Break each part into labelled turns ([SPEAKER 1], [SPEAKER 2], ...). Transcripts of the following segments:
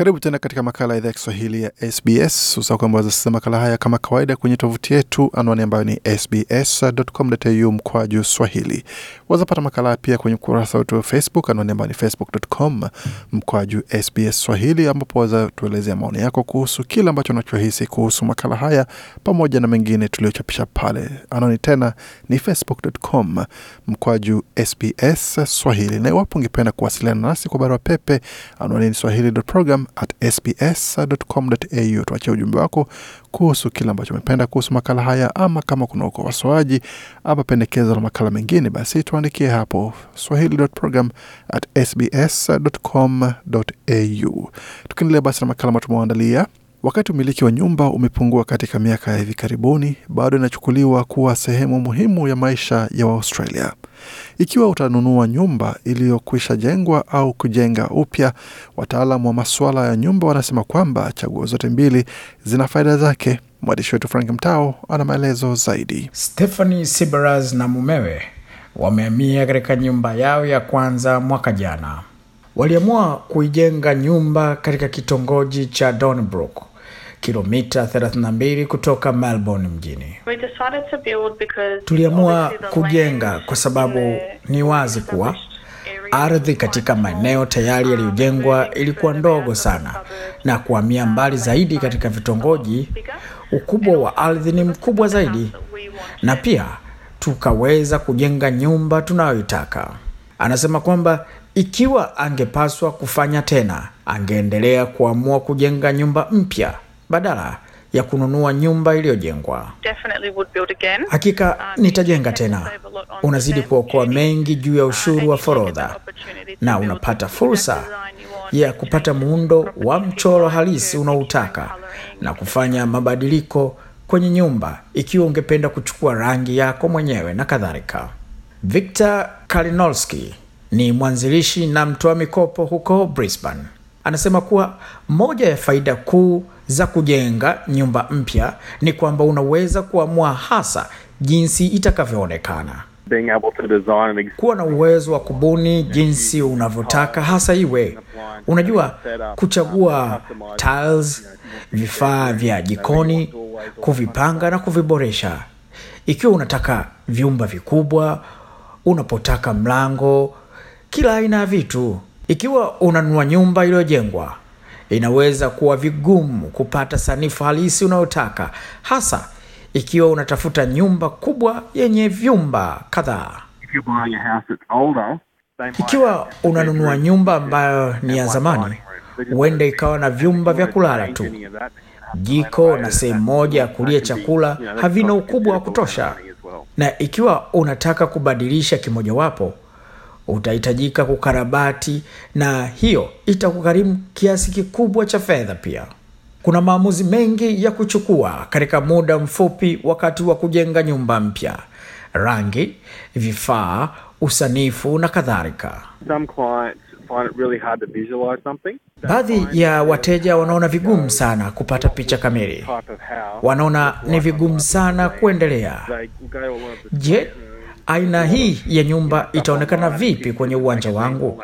[SPEAKER 1] Karibu tena katika makala ya idhaa ya Kiswahili ya SBS. Usahau kwamba wazasikiza makala haya kama kawaida kwenye tovuti yetu, anwani ambayo ni sbs.com.au mkwaju swahili. Wazapata makala pia kwenye ukurasa wetu wa Facebook, anwani ambayo ni facebook.com mkwaju SBS swahili, ambapo tuelezea maoni yako kuhusu kile ambacho unachohisi kuhusu makala haya pamoja na mengine tuliochapisha pale. Anwani tena ni facebook.com mkwaju SBS swahili, na iwapo ungependa kuwasiliana nasi kwa barua pepe, anwani ni swahili at sbs.com.au. Tuachia ujumbe wako kuhusu kile ambacho umependa kuhusu makala haya, ama kama kuna ukosoaji ama pendekezo la makala mengine, basi tuandikie hapo swahili.program at sbs.com.au. Tukiendelea basi na makala ambayo tumeandalia Wakati umiliki wa nyumba umepungua katika miaka ya hivi karibuni, bado inachukuliwa kuwa sehemu muhimu ya maisha ya Waaustralia. Ikiwa utanunua nyumba iliyokwisha jengwa au kujenga upya, wataalam wa masuala ya nyumba wanasema kwamba chaguo zote mbili zina faida zake. Mwandishi wetu Frank Mtao ana maelezo zaidi. Stephanie
[SPEAKER 2] Sibaras na mumewe wamehamia katika nyumba yao ya kwanza mwaka jana. Waliamua kuijenga nyumba katika kitongoji cha Donbrook kilomita 32 kutoka Melbourne mjini. Tuliamua kujenga kwa sababu ni wazi kuwa ardhi katika maeneo tayari um, yaliyojengwa ilikuwa ndogo sana, na kuhamia um, mbali zaidi katika vitongoji, ukubwa wa ardhi ni mkubwa zaidi, na pia tukaweza kujenga nyumba tunayoitaka. Anasema kwamba ikiwa angepaswa kufanya tena, angeendelea kuamua kujenga nyumba mpya badala ya kununua nyumba iliyojengwa. Hakika um, nitajenga tena. Unazidi kuokoa mengi juu ya uh, ushuru wa forodha, na unapata fursa ya kupata muundo wa mchoro halisi unaoutaka na kufanya mabadiliko kwenye nyumba, ikiwa ungependa kuchukua rangi yako mwenyewe na kadhalika. Victor kalinolski ni mwanzilishi na mtoa mikopo huko Brisbane anasema kuwa moja ya faida kuu za kujenga nyumba mpya ni kwamba unaweza kuamua hasa jinsi itakavyoonekana kuwa na uwezo wa kubuni jinsi unavyotaka hasa iwe. Unajua, kuchagua tiles, vifaa vya jikoni, kuvipanga na kuviboresha. Ikiwa unataka vyumba vikubwa, unapotaka mlango, kila aina ya vitu. Ikiwa unanunua nyumba iliyojengwa, inaweza kuwa vigumu kupata sanifu halisi unayotaka, hasa ikiwa unatafuta nyumba kubwa yenye vyumba kadhaa. Ikiwa unanunua nyumba ambayo ni ya zamani, huenda ikawa na vyumba vya kulala tu. Jiko na sehemu moja ya kulia chakula havina ukubwa wa kutosha, na ikiwa unataka kubadilisha kimojawapo, utahitajika kukarabati na hiyo itakugharimu kiasi kikubwa cha fedha pia kuna maamuzi mengi ya kuchukua katika muda mfupi wakati wa kujenga nyumba mpya rangi vifaa usanifu na kadhalika baadhi ya wateja wanaona vigumu sana kupata picha kamili wanaona ni vigumu sana kuendelea je aina hii ya nyumba itaonekana vipi kwenye uwanja wangu?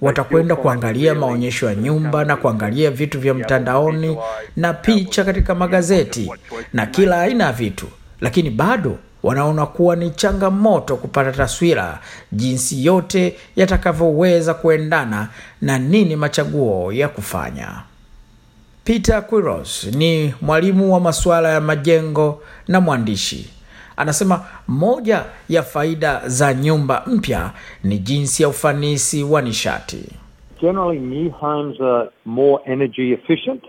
[SPEAKER 2] Watakwenda kuangalia maonyesho ya nyumba na kuangalia vitu vya mtandaoni na picha katika magazeti na kila aina ya vitu, lakini bado wanaona kuwa ni changamoto kupata taswira jinsi yote yatakavyoweza kuendana na nini machaguo ya kufanya. Peter Quiros ni mwalimu wa masuala ya majengo na mwandishi Anasema moja ya faida za nyumba mpya ni jinsi ya ufanisi wa nishati.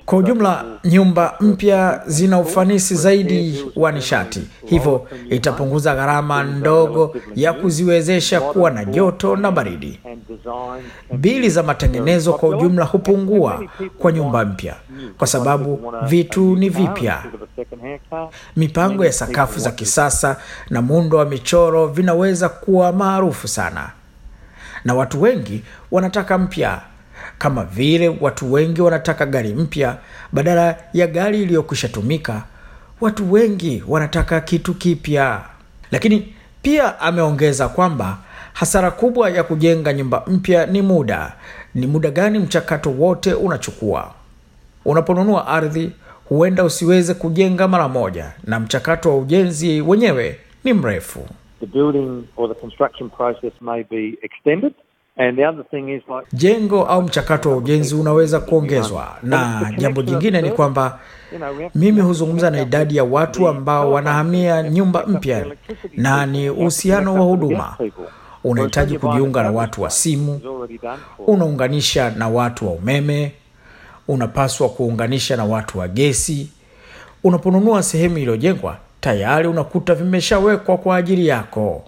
[SPEAKER 2] Kwa ujumla, nyumba mpya zina ufanisi zaidi wa nishati, hivyo itapunguza gharama ndogo ya kuziwezesha kuwa na joto na baridi. Bili za matengenezo kwa ujumla hupungua kwa nyumba mpya, kwa sababu vitu ni vipya Mipango ya sakafu za kisasa na muundo wa michoro vinaweza kuwa maarufu sana, na watu wengi wanataka mpya, kama vile watu wengi wanataka gari mpya badala ya gari iliyokwisha tumika. Watu wengi wanataka kitu kipya, lakini pia ameongeza kwamba hasara kubwa ya kujenga nyumba mpya ni muda. Ni muda gani mchakato wote unachukua? Unaponunua ardhi huenda usiweze kujenga mara moja na mchakato wa ujenzi wenyewe ni mrefu the building or the construction process may be extended And the other thing is like... jengo au mchakato wa ujenzi unaweza kuongezwa, na jambo jingine ni kwamba mimi huzungumza na idadi ya watu ambao wanahamia nyumba mpya, na ni uhusiano wa huduma. Unahitaji kujiunga na watu wa simu, unaunganisha na watu wa umeme unapaswa kuunganisha na watu wa gesi unaponunua sehemu iliyojengwa tayari unakuta vimeshawekwa kwa ajili yako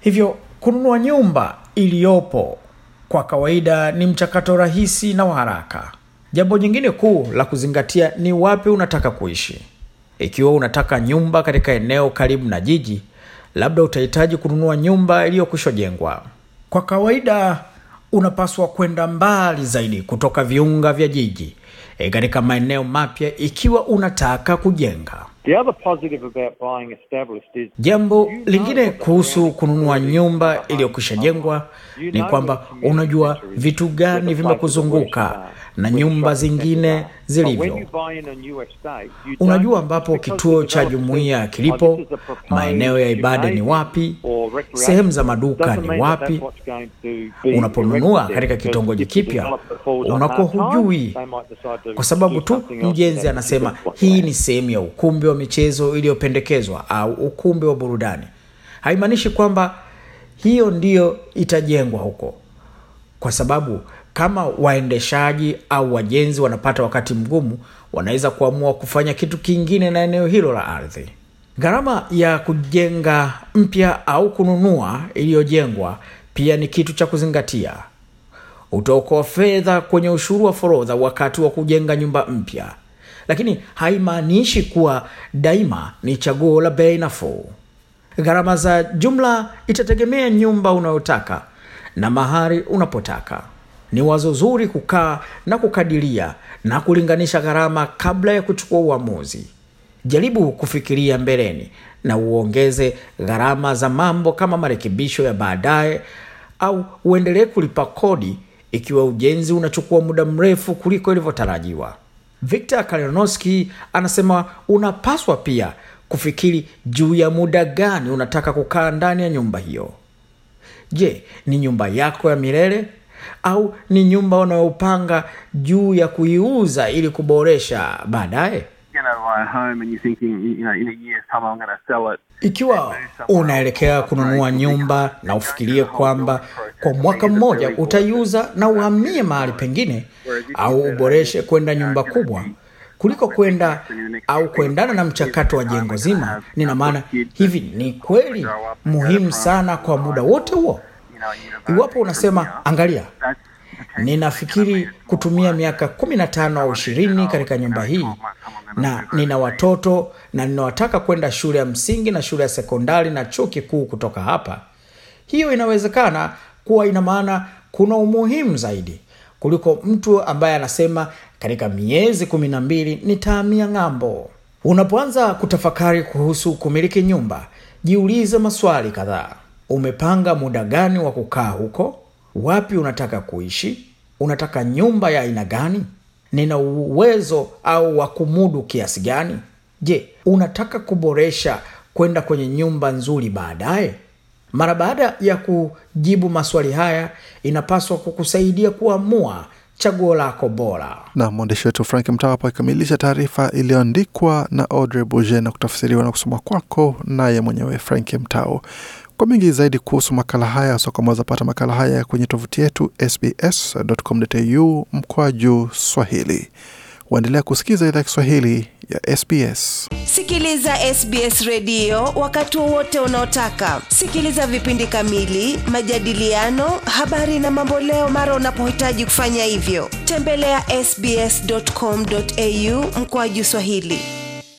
[SPEAKER 2] hivyo kununua nyumba iliyopo kwa kawaida ni mchakato rahisi na wa haraka jambo jingine kuu la kuzingatia ni wapi unataka kuishi ikiwa unataka nyumba katika eneo karibu na jiji labda utahitaji kununua nyumba iliyokwishwa jengwa kwa kawaida unapaswa kwenda mbali zaidi kutoka viunga vya jiji e, katika maeneo mapya ikiwa unataka kujenga. The other positive about buying established is... jambo lingine kuhusu kununua nyumba iliyokwisha jengwa ni kwamba unajua vitu gani vimekuzunguka na nyumba zingine zilivyo. Unajua ambapo kituo cha jumuiya oh, kilipo, maeneo ya ibada ni wapi, sehemu za maduka ni wapi. Unaponunua katika kitongoji kipya, unakuwa hujui, kwa sababu tu mjenzi anasema hii ni sehemu ya ukumbi wa michezo iliyopendekezwa au ukumbi wa burudani. Haimaanishi kwamba hiyo ndiyo itajengwa huko, kwa sababu kama waendeshaji au wajenzi wanapata wakati mgumu wanaweza kuamua kufanya kitu kingine na eneo hilo la ardhi gharama ya kujenga mpya au kununua iliyojengwa pia ni kitu cha kuzingatia utaokoa fedha kwenye ushuru wa forodha wakati wa kujenga nyumba mpya lakini haimaanishi kuwa daima ni chaguo la bei nafuu gharama za jumla itategemea nyumba unayotaka na mahari unapotaka ni wazo zuri kukaa na kukadiria na kulinganisha gharama kabla ya kuchukua uamuzi jaribu kufikiria mbeleni na uongeze gharama za mambo kama marekebisho ya baadaye au uendelee kulipa kodi ikiwa ujenzi unachukua muda mrefu kuliko ilivyotarajiwa victor kalinowski anasema unapaswa pia kufikiri juu ya muda gani unataka kukaa ndani ya nyumba hiyo je ni nyumba yako ya milele au ni nyumba unayopanga juu ya kuiuza ili kuboresha baadaye ikiwa unaelekea kununua nyumba na ufikirie kwamba kwa mwaka mmoja utaiuza na uhamie mahali pengine au uboreshe kwenda nyumba kubwa kuliko kwenda au kuendana na mchakato wa jengo zima nina maana hivi ni kweli muhimu sana kwa muda wote huo Iwapo unasema angalia, ninafikiri kutumia miaka kumi na tano au ishirini katika nyumba hii na nina watoto na ninawataka kwenda shule ya msingi na shule ya sekondari na chuo kikuu kutoka hapa, hiyo inawezekana kuwa ina maana kuna umuhimu zaidi kuliko mtu ambaye anasema katika miezi kumi na mbili nitaamia ng'ambo. Unapoanza kutafakari kuhusu kumiliki nyumba, jiulize maswali kadhaa umepanga muda gani wa kukaa huko wapi unataka kuishi unataka nyumba ya aina gani nina uwezo au wa kumudu kiasi gani je unataka kuboresha kwenda kwenye nyumba nzuri baadaye mara baada ya kujibu maswali haya inapaswa kukusaidia kuamua chaguo lako bora
[SPEAKER 1] na mwandishi wetu frank mtawapa akikamilisha taarifa iliyoandikwa na audrey buge na kutafsiriwa na kusoma kwako naye mwenyewe frank mtao kwa mengi zaidi kuhusu makala haya so kama wazapata makala haya kwenye tovuti yetu sbs.com.au mkoa juu Swahili. Waendelea kusikiza idhaa Kiswahili ya SBS. Sikiliza SBS redio wakati wowote unaotaka. Sikiliza vipindi kamili, majadiliano, habari na mamboleo mara unapohitaji kufanya hivyo. Tembelea sbscu sbs.com.au mkoa juu Swahili.